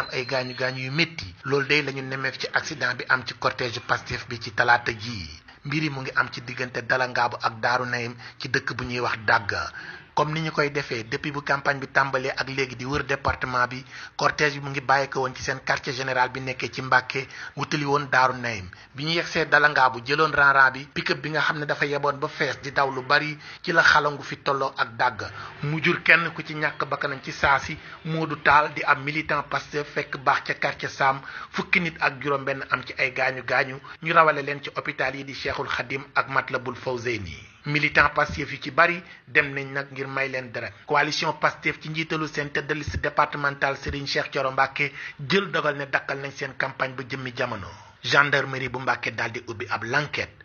am ay gaañu gaañu yu métti loolu day lañu ñu nemeef ci accident bi am ci cortège Pastef bi ci talaata jii mbir yi mu ngi am ci diggante dalangaabu ak daaru nayim ci dëkk bu ñuy wax dàgga comme ni ñu koy defee depuis bu campagne bi tàmbalee ak léegi di wër département bi cortège bi mu ngi bàyyi ko woon ci seen quartier général bi nekkee ci Mbàkke wutali woon Daaru Naim bi ñu yegsee dalangaa bu jëloon ranran bi pick-up bi nga xam ne dafa yeboon ba fees di daw lu bari ci la xalangu fi tolloo ak dàgg mu jur kenn ku ci ñàkk bakkanam ci saa si Moodu Taal di am militant Pastef fekk baax ca quartier Sam fukki nit ak juróom benn am ci ay gaañu gaañu ñu rawale leen ci hôpital yi di Cheikhul Khadim ak Matlabul Fawzeyni militant Pastef yi ci bari dem nañ nag ngir may leen deret coalition Pastef ci njiitalu seen tête de liste départementale Serigne Cheikh Thioro Mbacké jël dogal ne dakkal nañ seen campagne ba jëmmi jamono gendarmerie bu Mbacké daal di ubbi ab l'enquête